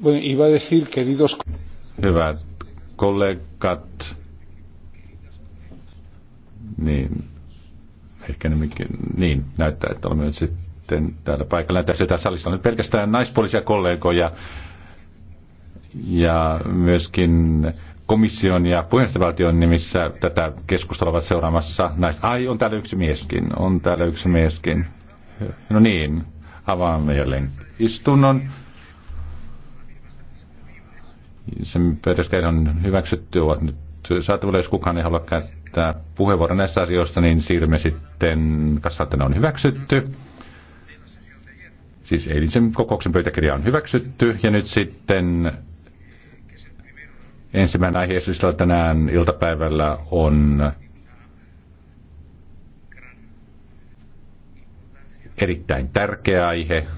Bueno, iba a decir, queridos... Hyvät kollegat, niin ehkä nimikin, niin näyttää, että olemme nyt sitten täällä paikalla. Tässä, tässä salissa on nyt pelkästään naispuolisia kollegoja ja myöskin komission ja puheenjohtajavaltion nimissä tätä keskustelua ovat seuraamassa naiset. Ai, on täällä yksi mieskin, on täällä yksi mieskin. No niin, avaamme jälleen istunnon sen pöytäskirjan on hyväksytty, ovat nyt saatavilla. Jos kukaan ei halua käyttää puheenvuoron näissä asioista, niin siirrymme sitten, kanssa, että ne on hyväksytty. Siis eilisen kokouksen pöytäkirja on hyväksytty ja nyt sitten ensimmäinen aihe esillä tänään iltapäivällä on erittäin tärkeä aihe,